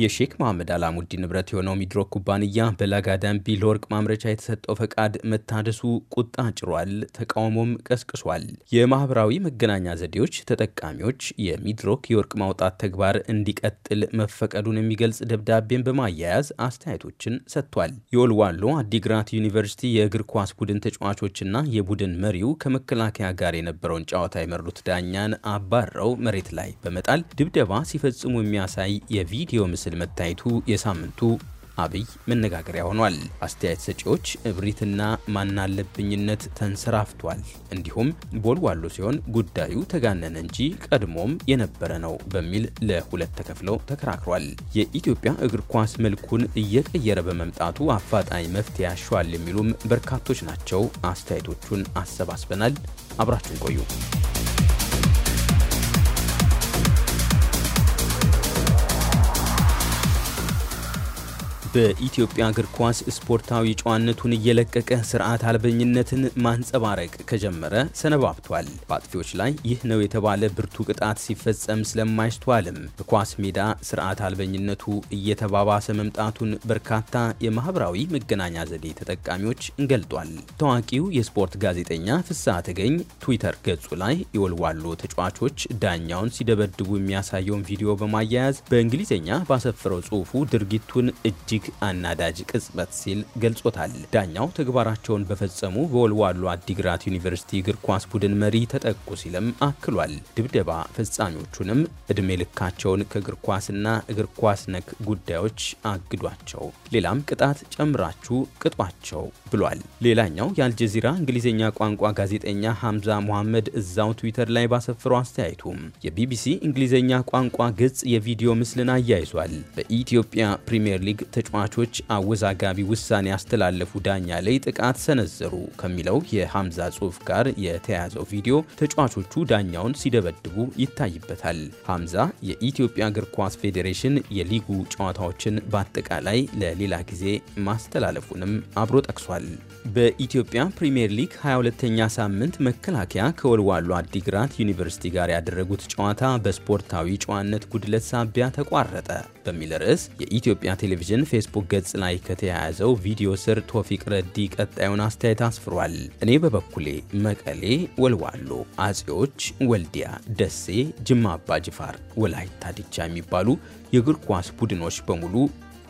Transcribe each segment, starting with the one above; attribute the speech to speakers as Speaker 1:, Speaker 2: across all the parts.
Speaker 1: የሼክ መሐመድ አላሙዲ ንብረት የሆነው ሚድሮክ ኩባንያ በላጋዳምቢ ለወርቅ ማምረቻ የተሰጠው ፈቃድ መታደሱ ቁጣ ጭሯል፣ ተቃውሞም ቀስቅሷል። የማህበራዊ መገናኛ ዘዴዎች ተጠቃሚዎች የሚድሮክ የወርቅ ማውጣት ተግባር እንዲቀጥል መፈቀዱን የሚገልጽ ደብዳቤን በማያያዝ አስተያየቶችን ሰጥቷል። የወልዋሎ አዲግራት ዩኒቨርሲቲ የእግር ኳስ ቡድን ተጫዋቾችና የቡድን መሪው ከመከላከያ ጋር የነበረውን ጨዋታ የመሩት ዳኛን አባረው መሬት ላይ በመጣል ድብደባ ሲፈጽሙ የሚያሳይ የቪዲዮ ምስል መታየቱ የሳምንቱ አብይ መነጋገሪያ ሆኗል። አስተያየት ሰጪዎች እብሪትና ማናለብኝነት ተንሰራፍቷል፣ እንዲሁም ቦልዋሎ ሲሆን ጉዳዩ ተጋነነ እንጂ ቀድሞም የነበረ ነው በሚል ለሁለት ተከፍለው ተከራክሯል። የኢትዮጵያ እግር ኳስ መልኩን እየቀየረ በመምጣቱ አፋጣኝ መፍትሄ ያሻዋል የሚሉም በርካቶች ናቸው። አስተያየቶቹን አሰባስበናል። አብራችን ቆዩ። በኢትዮጵያ እግር ኳስ ስፖርታዊ ጨዋነቱን እየለቀቀ ስርዓት አልበኝነትን ማንጸባረቅ ከጀመረ ሰነባብቷል። በአጥፊዎች ላይ ይህ ነው የተባለ ብርቱ ቅጣት ሲፈጸም ስለማይስተዋልም በኳስ ሜዳ ስርዓት አልበኝነቱ እየተባባሰ መምጣቱን በርካታ የማህበራዊ መገናኛ ዘዴ ተጠቃሚዎች እንገልጧል። ታዋቂው የስፖርት ጋዜጠኛ ፍስሐ ተገኝ ትዊተር ገጹ ላይ የወልዋሎ ተጫዋቾች ዳኛውን ሲደበድቡ የሚያሳየውን ቪዲዮ በማያያዝ በእንግሊዝኛ ባሰፈረው ጽሑፉ ድርጊቱን እጅግ እጅግ አናዳጅ ቅጽበት ሲል ገልጾታል። ዳኛው ተግባራቸውን በፈጸሙ በወልዋሉ አዲግራት ዩኒቨርሲቲ እግር ኳስ ቡድን መሪ ተጠቁ ሲልም አክሏል። ድብደባ ፈጻሚዎቹንም እድሜ ልካቸውን ከእግር ኳስና እግር ኳስ ነክ ጉዳዮች አግዷቸው፣ ሌላም ቅጣት ጨምራችሁ ቅጧቸው ብሏል። ሌላኛው የአልጀዚራ እንግሊዝኛ ቋንቋ ጋዜጠኛ ሐምዛ ሙሐመድ እዛው ትዊተር ላይ ባሰፈረው አስተያየቱም የቢቢሲ እንግሊዝኛ ቋንቋ ገጽ የቪዲዮ ምስልን አያይዟል። በኢትዮጵያ ፕሪምየር ሊግ ተጫ ተጫዋቾች አወዛጋቢ ውሳኔ ያስተላለፉ ዳኛ ላይ ጥቃት ሰነዘሩ ከሚለው የሐምዛ ጽሑፍ ጋር የተያያዘው ቪዲዮ ተጫዋቾቹ ዳኛውን ሲደበድቡ ይታይበታል። ሐምዛ የኢትዮጵያ እግር ኳስ ፌዴሬሽን የሊጉ ጨዋታዎችን በአጠቃላይ ለሌላ ጊዜ ማስተላለፉንም አብሮ ጠቅሷል። በኢትዮጵያ ፕሪምየር ሊግ 22ኛ ሳምንት መከላከያ ከወልዋሎ አዲግራት ዩኒቨርሲቲ ጋር ያደረጉት ጨዋታ በስፖርታዊ ጨዋነት ጉድለት ሳቢያ ተቋረጠ በሚል ርዕስ የኢትዮጵያ ቴሌቪዥን የፌስቡክ ገጽ ላይ ከተያያዘው ቪዲዮ ስር ቶፊቅ ረዲ ቀጣዩን አስተያየት አስፍሯል። እኔ በበኩሌ መቀሌ፣ ወልዋሎ፣ አጼዎች፣ ወልዲያ፣ ደሴ፣ ጅማ አባ ጅፋር፣ ወላይታ ዲቻ የሚባሉ የእግር ኳስ ቡድኖች በሙሉ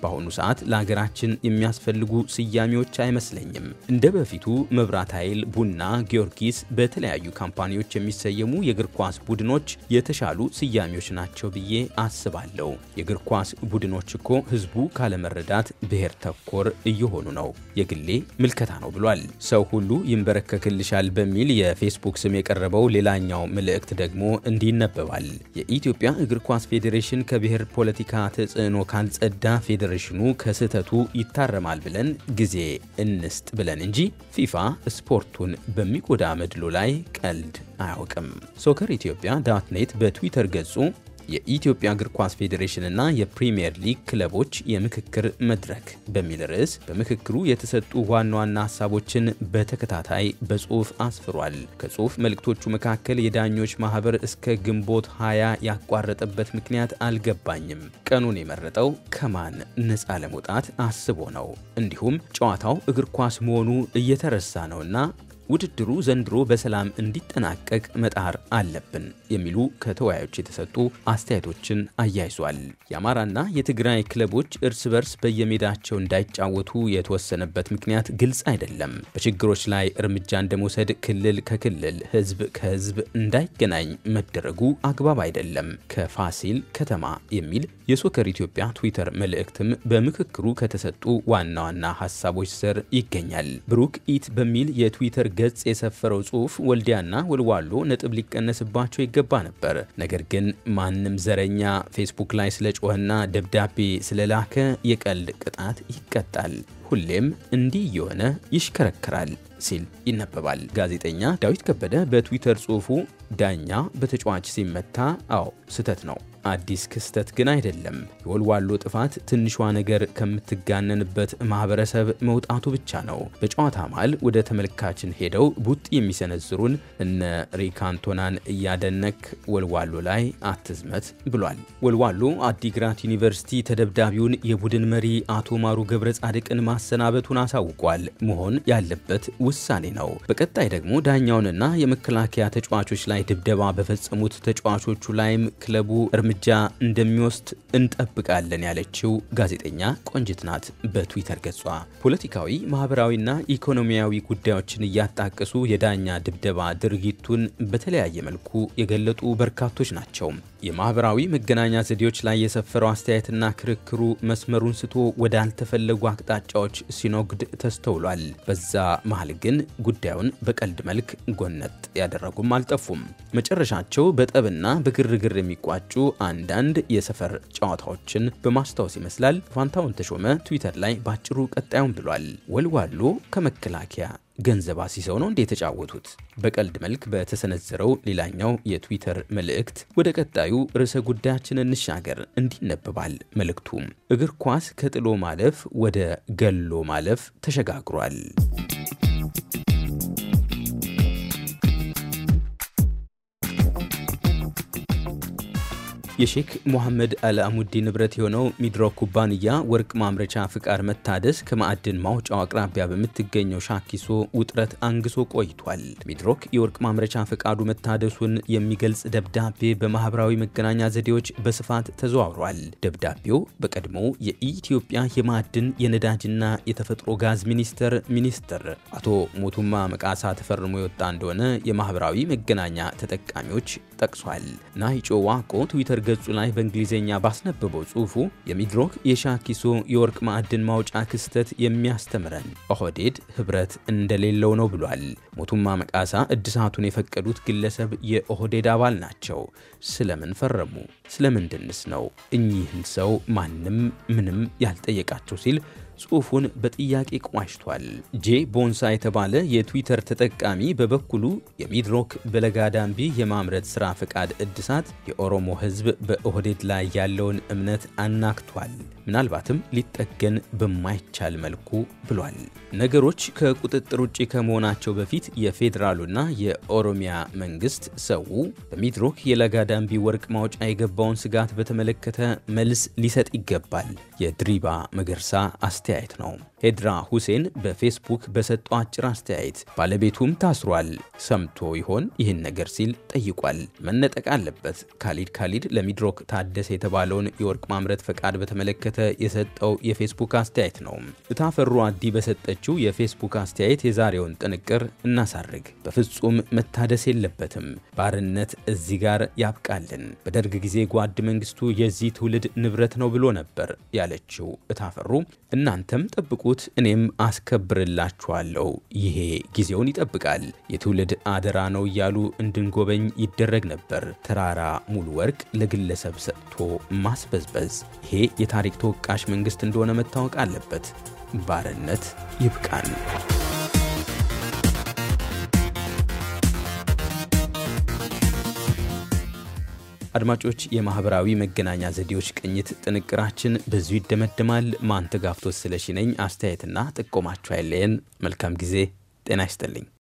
Speaker 1: በአሁኑ ሰዓት ለሀገራችን የሚያስፈልጉ ስያሜዎች አይመስለኝም። እንደ በፊቱ መብራት ኃይል፣ ቡና፣ ጊዮርጊስ በተለያዩ ካምፓኒዎች የሚሰየሙ የእግር ኳስ ቡድኖች የተሻሉ ስያሜዎች ናቸው ብዬ አስባለሁ። የእግር ኳስ ቡድኖች እኮ ህዝቡ ካለመረዳት ብሔር ተኮር እየሆኑ ነው። የግሌ ምልከታ ነው ብሏል። ሰው ሁሉ ይንበረከክልሻል በሚል የፌስቡክ ስም የቀረበው ሌላኛው መልእክት ደግሞ እንዲህ ይነበባል። የኢትዮጵያ እግር ኳስ ፌዴሬሽን ከብሔር ፖለቲካ ተጽዕኖ ካልጸዳ ፌዴሬሽን ፌዴሬሽኑ ከስህተቱ ይታረማል ብለን ጊዜ እንስጥ ብለን እንጂ ፊፋ ስፖርቱን በሚጎዳ መድሎ ላይ ቀልድ አያውቅም። ሶከር ኢትዮጵያ ዳትኔት በትዊተር ገጹ የኢትዮጵያ እግር ኳስ ፌዴሬሽንና የፕሪምየር ሊግ ክለቦች የምክክር መድረክ በሚል ርዕስ በምክክሩ የተሰጡ ዋና ዋና ሀሳቦችን በተከታታይ በጽሁፍ አስፍሯል። ከጽሁፍ መልእክቶቹ መካከል የዳኞች ማህበር እስከ ግንቦት 20 ያቋረጠበት ምክንያት አልገባኝም። ቀኑን የመረጠው ከማን ነፃ ለመውጣት አስቦ ነው? እንዲሁም ጨዋታው እግር ኳስ መሆኑ እየተረሳ ነውና ውድድሩ ዘንድሮ በሰላም እንዲጠናቀቅ መጣር አለብን የሚሉ ከተወያዮች የተሰጡ አስተያየቶችን አያይዟል። የአማራና የትግራይ ክለቦች እርስ በርስ በየሜዳቸው እንዳይጫወቱ የተወሰነበት ምክንያት ግልጽ አይደለም። በችግሮች ላይ እርምጃ እንደመውሰድ ክልል ከክልል ህዝብ ከህዝብ እንዳይገናኝ መደረጉ አግባብ አይደለም። ከፋሲል ከተማ የሚል የሶከር ኢትዮጵያ ትዊተር መልእክትም በምክክሩ ከተሰጡ ዋና ዋና ሀሳቦች ስር ይገኛል። ብሩክ ኢት በሚል የትዊተር ገጽ የሰፈረው ጽሑፍ ወልዲያና ወልዋሎ ነጥብ ሊቀነስባቸው ይገባ ነበር። ነገር ግን ማንም ዘረኛ ፌስቡክ ላይ ስለ ጮኸና ደብዳቤ ስለላከ የቀልድ ቅጣት ይቀጣል፣ ሁሌም እንዲህ እየሆነ ይሽከረከራል ሲል ይነበባል። ጋዜጠኛ ዳዊት ከበደ በትዊተር ጽሑፉ ዳኛ በተጫዋች ሲመታ፣ አዎ ስህተት ነው አዲስ ክስተት ግን አይደለም። የወልዋሎ ጥፋት ትንሿ ነገር ከምትጋነንበት ማህበረሰብ መውጣቱ ብቻ ነው። በጨዋታ መሃል ወደ ተመልካችን ሄደው ቡጥ የሚሰነዝሩን እነ ሪካንቶናን እያደነክ ወልዋሎ ላይ አትዝመት ብሏል። ወልዋሎ አዲግራት ዩኒቨርሲቲ ተደብዳቢውን የቡድን መሪ አቶ ማሩ ገብረ ጻድቅን ማሰናበቱን አሳውቋል። መሆን ያለበት ውሳኔ ነው። በቀጣይ ደግሞ ዳኛውንና የመከላከያ ተጫዋቾች ላይ ድብደባ በፈጸሙት ተጫዋቾቹ ላይም ክለቡ እርምጃ እርምጃ እንደሚወስድ እንጠብቃለን ያለችው ጋዜጠኛ ቆንጅት ናት። በትዊተር ገጿ ፖለቲካዊ፣ ማህበራዊና ኢኮኖሚያዊ ጉዳዮችን እያጣቀሱ የዳኛ ድብደባ ድርጊቱን በተለያየ መልኩ የገለጡ በርካቶች ናቸው። የማህበራዊ መገናኛ ዘዴዎች ላይ የሰፈረው አስተያየትና ክርክሩ መስመሩን ስቶ ወዳልተፈለጉ አቅጣጫዎች ሲኖግድ ተስተውሏል። በዛ መሀል ግን ጉዳዩን በቀልድ መልክ ጎነጥ ያደረጉም አልጠፉም። መጨረሻቸው በጠብና በግርግር የሚቋጩ አንዳንድ የሰፈር ጨዋታዎችን በማስታወስ ይመስላል ፋንታውን ተሾመ ትዊተር ላይ በአጭሩ ቀጣዩን ብሏል። ወልዋሎ ከመከላከያ ገንዘብ አሲሰው ነው እንዴ የተጫወቱት? በቀልድ መልክ በተሰነዘረው ሌላኛው የትዊተር መልእክት ወደ ቀጣዩ ርዕሰ ጉዳያችን እንሻገር። እንዲህ መልእክቱም እግር ኳስ ከጥሎ ማለፍ ወደ ገሎ ማለፍ ተሸጋግሯል። የሼክ ሙሐመድ አልአሙዲ ንብረት የሆነው ሚድሮክ ኩባንያ ወርቅ ማምረቻ ፍቃድ መታደስ ከማዕድን ማውጫው አቅራቢያ በምትገኘው ሻኪሶ ውጥረት አንግሶ ቆይቷል። ሚድሮክ የወርቅ ማምረቻ ፍቃዱ መታደሱን የሚገልጽ ደብዳቤ በማህበራዊ መገናኛ ዘዴዎች በስፋት ተዘዋውሯል። ደብዳቤው በቀድሞ የኢትዮጵያ የማዕድን የነዳጅና የተፈጥሮ ጋዝ ሚኒስቴር ሚኒስትር አቶ ሞቱማ መቃሳ ተፈርሞ የወጣ እንደሆነ የማህበራዊ መገናኛ ተጠቃሚዎች ጠቅሷል። ናይጮ ዋቆ ትዊተር ገጹ ላይ በእንግሊዝኛ ባስነበበው ጽሑፉ የሚድሮክ የሻኪሶ የወርቅ ማዕድን ማውጫ ክስተት የሚያስተምረን ኦህዴድ ህብረት እንደሌለው ነው ብሏል። ሞቱማ መቃሳ እድሳቱን የፈቀዱት ግለሰብ የኦህዴድ አባል ናቸው። ስለምን ፈረሙ? ስለምንድንስ ነው እኚህን ሰው ማንም ምንም ያልጠየቃቸው ሲል ጽሑፉን በጥያቄ ቋሽቷል። ጄ ቦንሳ የተባለ የትዊተር ተጠቃሚ በበኩሉ የሚድሮክ በለጋዳምቢ የማምረት ሥራ ፈቃድ እድሳት የኦሮሞ ሕዝብ በኦህዴድ ላይ ያለውን እምነት አናክቷል፣ ምናልባትም ሊጠገን በማይቻል መልኩ ብሏል። ነገሮች ከቁጥጥር ውጭ ከመሆናቸው በፊት የፌዴራሉና የኦሮሚያ መንግስት ሰው በሚድሮክ የለጋዳምቢ ወርቅ ማውጫ የገባውን ስጋት በተመለከተ መልስ ሊሰጥ ይገባል። የድሪባ መገርሳ አስ してやいとの ሄድራ ሁሴን በፌስቡክ በሰጠው አጭር አስተያየት ባለቤቱም ታስሯል፣ ሰምቶ ይሆን ይህን ነገር ሲል ጠይቋል። መነጠቅ አለበት። ካሊድ ካሊድ ለሚድሮክ ታደሰ የተባለውን የወርቅ ማምረት ፈቃድ በተመለከተ የሰጠው የፌስቡክ አስተያየት ነው። እታፈሩ አዲ በሰጠችው የፌስቡክ አስተያየት የዛሬውን ጥንቅር እናሳርግ። በፍጹም መታደስ የለበትም። ባርነት እዚህ ጋር ያብቃልን። በደርግ ጊዜ ጓድ መንግስቱ የዚህ ትውልድ ንብረት ነው ብሎ ነበር ያለችው እታፈሩ እናንተም ጠብቁ ያደረጉት እኔም አስከብርላችኋለሁ። ይሄ ጊዜውን ይጠብቃል፣ የትውልድ አደራ ነው እያሉ እንድንጎበኝ ይደረግ ነበር። ተራራ ሙሉ ወርቅ ለግለሰብ ሰጥቶ ማስበዝበዝ፣ ይሄ የታሪክ ተወቃሽ መንግስት እንደሆነ መታወቅ አለበት። ባርነት ይብቃን። አድማጮች፣ የማህበራዊ መገናኛ ዘዴዎች ቅኝት ጥንቅራችን በዙ ይደመድማል። ማንተጋፍቶት ስለሺ ነኝ። አስተያየትና ጥቆማችሁ አይለየን። መልካም ጊዜ። ጤና ይስጥልኝ።